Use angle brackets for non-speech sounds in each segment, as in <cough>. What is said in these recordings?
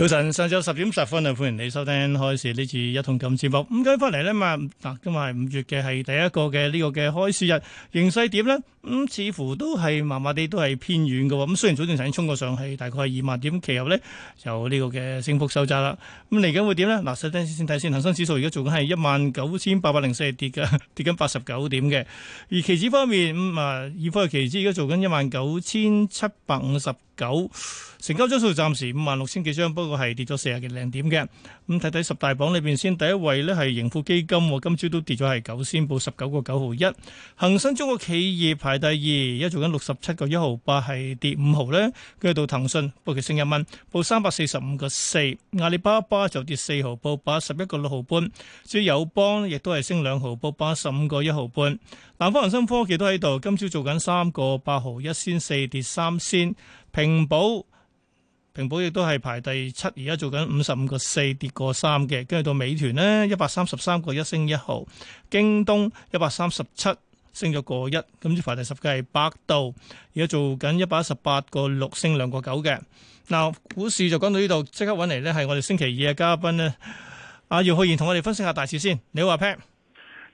早晨，上晝十點十分啊！歡迎你收聽《開始呢次一通金》直、嗯、目。咁今返翻嚟呢，嘛嗱，今日係五月嘅，係第一個嘅呢個嘅開市日，形勢點呢？咁、嗯、似乎都係麻麻地，都係偏遠嘅喎。咁、嗯、雖然早段就已經衝過上去，大概係二萬點，其後呢就呢個嘅升幅收窄啦。咁嚟緊會點呢？嗱，首先先睇先，恒生指數而家做緊係一萬九千八百零四跌嘅，跌緊八十九點嘅。而期指方面，咁、嗯、啊，二方嘅期指而家做緊一萬九千七百五十九，成交張數暫時五萬六千幾張，不都係跌咗四十嘅零點嘅，咁睇睇十大榜裏邊先，第一位咧係盈富基金，今朝都跌咗係九仙，報十九個九毫一；恒生中國企業排第二，而家做緊六十七個一毫八，係跌五毫咧。跟住到騰訊，不過佢升一蚊，報三百四十五個四；阿里巴巴就跌四毫，報八十一個六毫半。至於友邦，亦都係升兩毫，報八十五個一毫半。南方恒生科技都喺度，今朝做緊三個八毫一仙，先四跌三仙，平保。平保亦都係排第七，而家做緊五十五個四，跌個三嘅，跟住到美團咧一百三十三個一升一毫，京東一百三十七升咗個一，咁就排第十嘅係百度，而家做緊一百一十八個六升兩個九嘅。嗱，股市就講到呢度，即刻搵嚟咧係我哋星期二嘅嘉賓咧、啊，阿姚浩然同我哋分析一下大市先。你好，阿 Pat？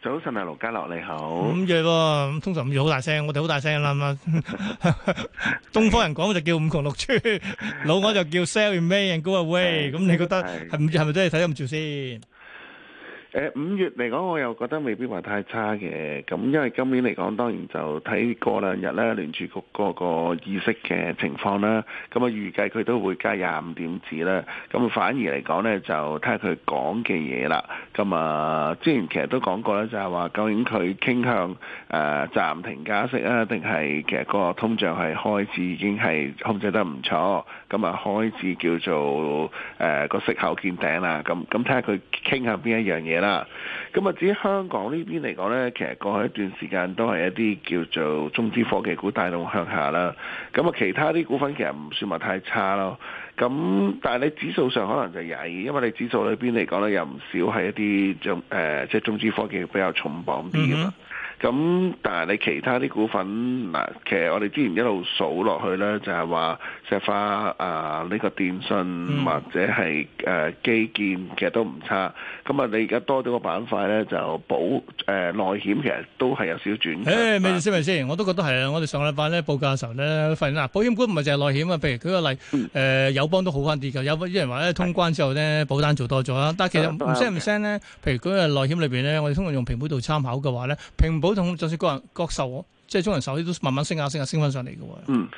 早晨啊，盧家樂你好。五注、嗯，通常五月好大聲，我哋好大聲啦嘛， <laughs> 東方人講就叫五窮六絕 <laughs> 老外就叫 sell in May and go away。咁你覺得係唔注係咪真係睇唔住先？誒五月嚟講，我又覺得未必話太差嘅。咁因為今年嚟講，當然就睇過兩日咧聯儲局嗰個議息嘅情況啦。咁啊預計佢都會加廿五點子啦。咁啊反而嚟講咧，就睇下佢講嘅嘢啦。咁啊之前其實都講過咧，就係話究竟佢傾向誒暫停加息啊，定係其實個通脹係開始已經係控制得唔錯。咁啊開始叫做誒個息口見頂啦。咁咁睇下佢傾向邊一樣嘢啦。啊，咁啊，至於香港呢邊嚟講呢，其實過去一段時間都係一啲叫做中資科技股帶動向下啦。咁啊，其他啲股份其實唔算話太差咯。咁但係你指數上可能就曳，因為你指數裏邊嚟講呢，有唔少係一啲誒即係中資科技比較重磅啲噶嘛。咁但係你其他啲股份嗱，其實我哋之前一路數落去咧，就係話石化啊，呢個電信或者係誒基建，其實都唔差。咁啊，你而家多咗個板塊咧，就保誒內險，其實都係有少少轉向。誒咩意思？咪先？我都覺得係啊！我哋上個禮拜咧報價嘅時候咧，發現保險股唔係淨係內險啊。譬如舉個例，誒友邦都好翻啲嘅。有啲人話咧，通關之後咧，的保單做多咗啦。但其實唔升唔升咧。譬如佢個內險裏面咧，我哋通常用平保度參考嘅話咧，保同就算個人國壽哦，即係中國人壽都慢慢升下、啊、升下、啊、升翻上嚟嘅。嗯，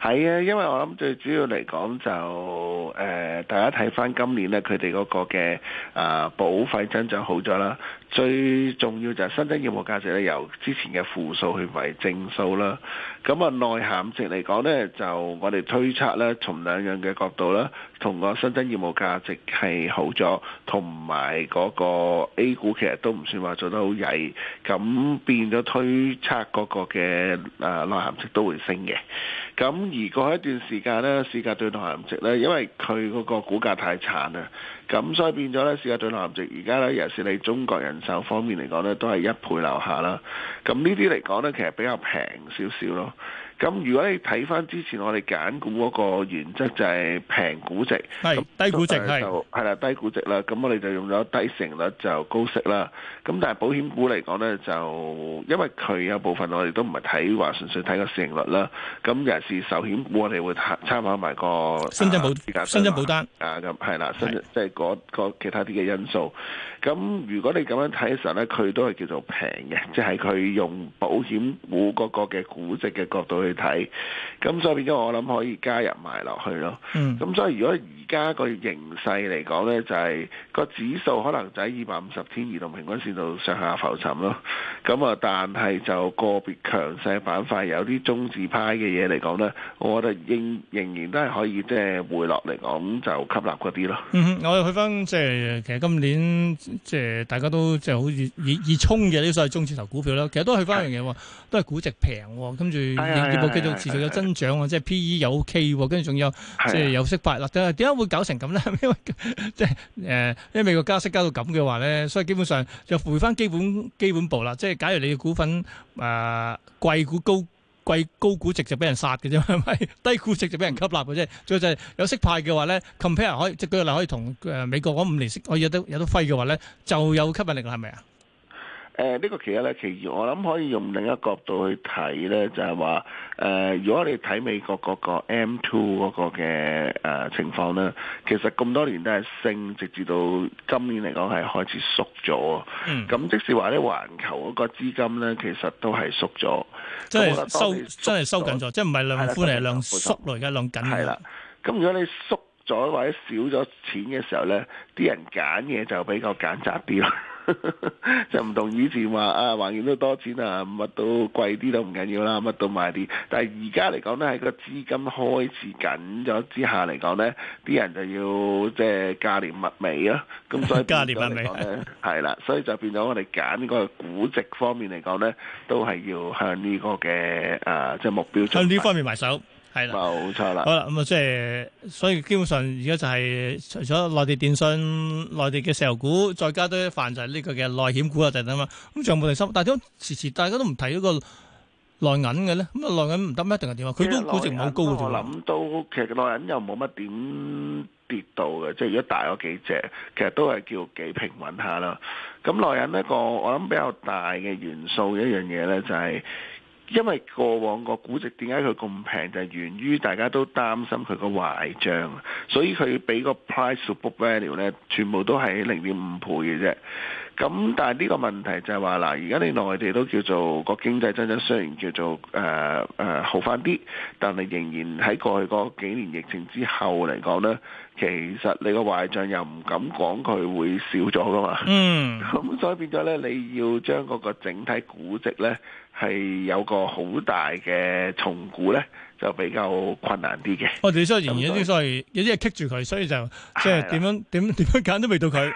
係啊，因為我諗最主要嚟講就誒、呃，大家睇翻今年咧，佢哋嗰個嘅啊、呃、保費增長好咗啦，最重要就係新增業務價值咧，由之前嘅負數去為正數啦。咁啊內涵值嚟講呢，就我哋推測呢，從兩樣嘅角度呢，同個新增業務價值係好咗，同埋嗰個 A 股其實都唔算話做得好曳，咁變咗推測嗰個嘅啊內涵值都會升嘅。咁而過一段時間呢，市價對內涵值呢，因為佢嗰個股價太慘喇！咁所以變咗咧，市價最南值。而家咧尤其是喺中國人壽方面嚟講咧，都係一倍樓下啦。咁呢啲嚟講咧，其實比較平少少咯。咁如果你睇翻之前我哋揀股嗰個原則，就係平估值，低估值係，係啦低估值啦。咁我哋就用咗低市盈率就高息啦。咁但係保險股嚟講咧，就因為佢有部分我哋都唔係睇話純粹睇個市盈率啦。咁尤其係壽險股，我哋會參考埋、嗰個新增保，啊啊、新增保單啊咁係啦，即係嗰個其他啲嘅因素。咁如果你咁樣睇嘅時候咧，佢都係叫做平嘅，即係佢用保險股嗰個嘅估值嘅角度。去睇，咁、嗯嗯、所以變咗我諗可以加入埋落去咯。咁所以如果而家個形勢嚟講咧，就係、是、個指數可能就喺二百五十天移動平均線度上下浮沉咯。咁、嗯、啊，但係就個別強勢板塊有啲中字派嘅嘢嚟講咧，我覺得應仍，仍然都係可以即係、就是、回落嚟，咁就吸納嗰啲咯。我哋去翻即係其實今年即係大家都即係好似熱熱衝嘅啲所謂中字頭股票咧，其實都去翻一樣嘢喎，啊、都係估值平跟住。冇繼續持續有增長喎，即係 P E 又 OK 喎，跟住仲有即係有息派。嗱，點解點解會搞成咁咧？因為即係誒，因為美國加息加到咁嘅話咧，所以基本上就回翻基本基本步啦。即係假如你嘅股份誒貴股高貴高估值就俾人殺嘅啫，係咪？低估值就俾人吸納嘅啫。最就係有息派嘅話咧，compare 可以即係舉例，可以同誒美國嗰五年息可以有得有得揮嘅話咧，就有吸引力啦，係咪啊？誒呢、呃呢個其實咧，其實我諗可以用另一個角度去睇咧，就係話誒，如果你睇美國嗰個 M2 嗰個嘅誒、呃、情況咧，其實咁多年都係升，直至到今年嚟講係開始縮咗。嗯。咁即使話咧，環球嗰個資金咧，其實都係縮咗，即係收，真係收緊咗，即係唔係量寬嚟，量縮嘅，量緊。係啦。咁如果你縮咗或者少咗錢嘅時候咧，啲人揀嘢就比較揀擇啲咯。 <laughs> 就唔同以前話啊，環境都多錢啊，乜都貴啲都唔緊要啦，乜都買啲。但係而家嚟講咧，喺個資金開始緊咗之下嚟講咧，啲人就要即係價廉物美啊。咁所以價廉物美咧，係 <laughs> 啦，所以就變咗我哋揀個估值方面嚟講咧，都係要向呢個嘅誒，即、啊、係、就是、目標向呢方面埋手。係啦，冇錯啦。好啦，咁啊，即係所以基本上而家就係除咗內地電信、內地嘅石油股，再加多一份就係呢個嘅內險股啊，就係咁啊。咁仲有冇第三？但點解遲遲大家都唔睇嗰個內銀嘅咧？咁啊，內銀唔得咩？定係點啊？佢都估值唔係好高嘅。我諗都其實內銀又冇乜點跌到嘅，即係如果大嗰幾隻，其實都係叫幾平穩下啦。咁內銀呢個我諗比較大嘅元素嘅一樣嘢咧，就係。因為過往個估值點解佢咁平，就係、是、源於大家都擔心佢個壞賬，所以佢俾個 price to book value 咧，全部都係零點五倍嘅啫。咁但係呢個問題就係話嗱，而家你內地都叫做個經濟增長雖然叫做誒誒、呃呃、好翻啲，但係仍然喺過去嗰幾年疫情之後嚟講咧，其實你個壞賬又唔敢講佢會少咗噶嘛。嗯。咁所以變咗咧，你要將嗰個整體估值咧。係有個好大嘅重估咧，就比較困難啲嘅。我哋雖然有啲所謂有啲係棘住佢，所以就即係點樣點點樣揀都未到佢。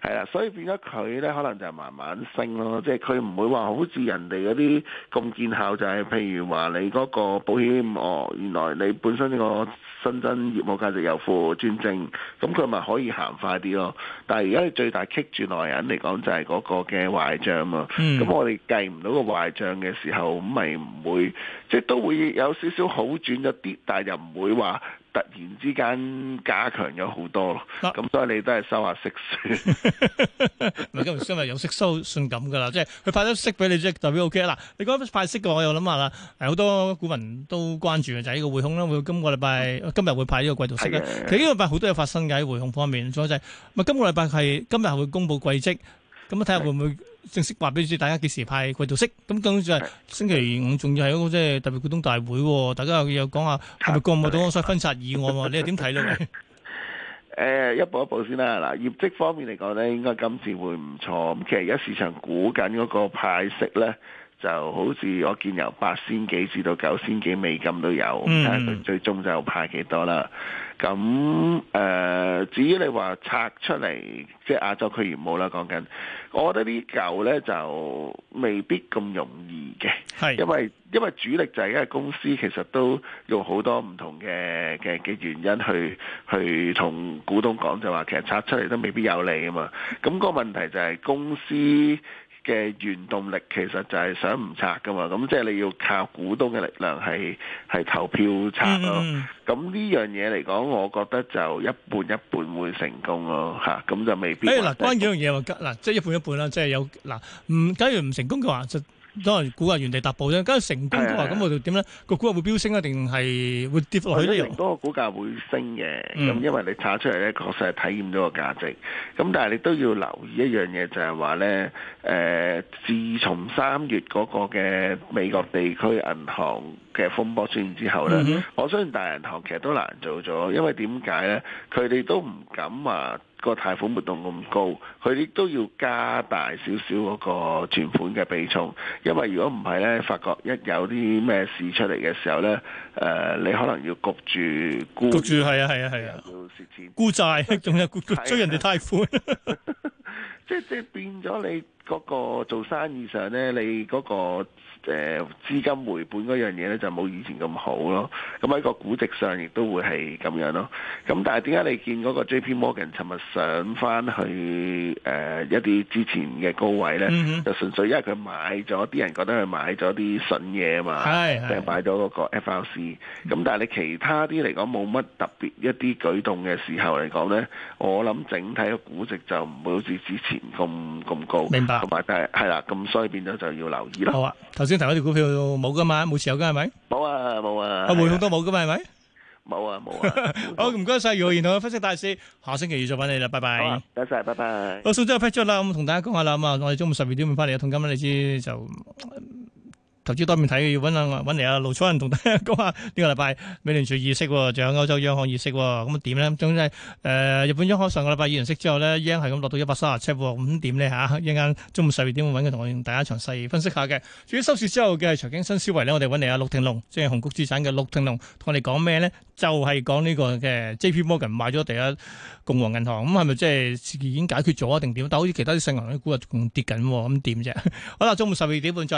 係啦，所以變咗佢咧，可能就係慢慢升咯。即係佢唔會話好似人哋嗰啲咁見效，就係、是、譬如話你嗰個保險哦，原來你本身呢個新增業務價值由負轉正，咁佢咪可以行快啲咯。但係而家最大棘住內銀嚟講，就係嗰個嘅壞帳啊。咁我哋計唔到個壞帳嘅、嗯、時候，咁咪唔會，即、就、係、是、都會有少少好轉咗啲，但係又唔會話。突然之間加強咗好多咯，咁、啊、所以你都係收下息先。咪今今日有息收信咁㗎啦， <laughs> 即係佢派咗息俾你，即係代表 O、OK、K 啦。你講派息嘅，我又諗下啦，好多股民都關注嘅就係、是、呢個匯控啦。會今個禮拜今日會派呢個季度息啦。的其實呢個禮拜好多嘢發生㗎喺匯控方面，所以就係咪今個禮拜係、就是、今，今日會公布季績，咁啊睇下會唔會？正式話俾你知大家幾時派季度息？咁跟住就係星期五，仲要係一個即係特別股東大會喎。大家又講下係咪過唔到嗰個分拆議案喎？ <laughs> 你又點睇咧？誒 <laughs> 呃，一步一步先啦。嗱，業績方面嚟講咧，應該今次會唔錯。咁其實而家市場估緊嗰個派息咧。就好似我見由八千幾至到九千幾美金都有，嗯、但最終就派幾多啦？咁誒、呃，至於你話拆出嚟，即、就、係、是、亞洲區業務啦，講緊，我覺得呢嚿呢就未必咁容易嘅，是因為因為主力就係因為公司其實都用好多唔同嘅嘅嘅原因去去同股東講，就話其實拆出嚟都未必有利啊嘛。咁、那個問題就係公司。嘅原動力其實就係想唔拆㗎嘛，咁即係你要靠股東嘅力量係係投票拆咯。咁呢、嗯嗯嗯、樣嘢嚟講，我覺得就一半一半會成功咯，嚇、啊，咁就未必。誒嗱、欸，關於呢樣嘢話，嗱即係一半一半啦，即係有嗱，唔假如唔成功嘅話，就。都係股價，原地踏步啫。咁成班都話咁，我就點咧？個股價會飆升啊，定係會跌落去咧？好多個股價會升嘅，咁因為你查出嚟咧，確實係體驗到個價值。咁但係你都要留意一樣嘢，就係話咧，誒，自從三月嗰個嘅美國地區銀行嘅風波出現之後咧，我相信大銀行其實都難做咗，因為點解咧？佢哋都唔敢話。個貸款活動咁高，佢哋都要加大少少嗰個存款嘅比重，因為如果唔係咧，發覺一有啲咩事出嚟嘅時候咧，誒、呃，你可能要焗住沽，焗住係啊係啊係啊，啊啊要蝕錢沽債，仲有追人哋貸款，即係即係變咗你。嗰個做生意上呢，你嗰、那個誒、呃、資金回本嗰樣嘢呢，就冇以前咁好咯。咁喺個估值上亦都會係咁樣咯。咁但係點解你見嗰個 J.P.Morgan 尋日上翻去誒、呃、一啲之前嘅高位呢？嗯、哼就純粹因為佢買咗啲人覺得佢買咗啲筍嘢啊嘛。係係是買咗嗰個 F.R.C. 咁，但係你其他啲嚟講冇乜特別一啲舉動嘅時候嚟講呢，我諗整體嘅估值就唔會好似之前咁咁高。同埋，但係啦，咁所以變咗就要留意啦。好啊，頭先提嗰隻股票冇噶嘛，冇持有噶係咪？冇啊，冇啊。啊匯控都冇噶嘛，係咪？冇啊，冇啊。好吧，唔該晒，姚、啊、 <laughs> 然同嘅分析大師，下星期二再揾你啦，拜拜。好、啊，多謝，拜拜。我送咗個 patch 出啦，咁同大家講下啦，咁啊，我哋中午十二點半翻嚟一桶金啊，今晚你知就。投資多面睇，要搵下搵嚟阿盧楚仁同大家講下呢、這個禮拜美聯儲議息，仲有歐洲央行議息，咁點呢？總之，誒、呃，日本央行上個禮拜議完息之後呢，y e n 係咁落到一百三十七喎，咁、嗯、點呢，吓、啊？一陣間中午十二點半搵佢同我大家詳細分析下嘅。至於收市之後嘅財經新思維呢，我哋搵嚟阿陸庭龍，即係紅谷資產嘅陸庭龍，同我哋講咩呢？就係、是、講呢個嘅 J.P.Morgan 買咗第一共和銀行，咁係咪即係已經解決咗定點？但好似其他啲細銀行估股仲跌緊，咁點啫？好啦，中午十二點半再。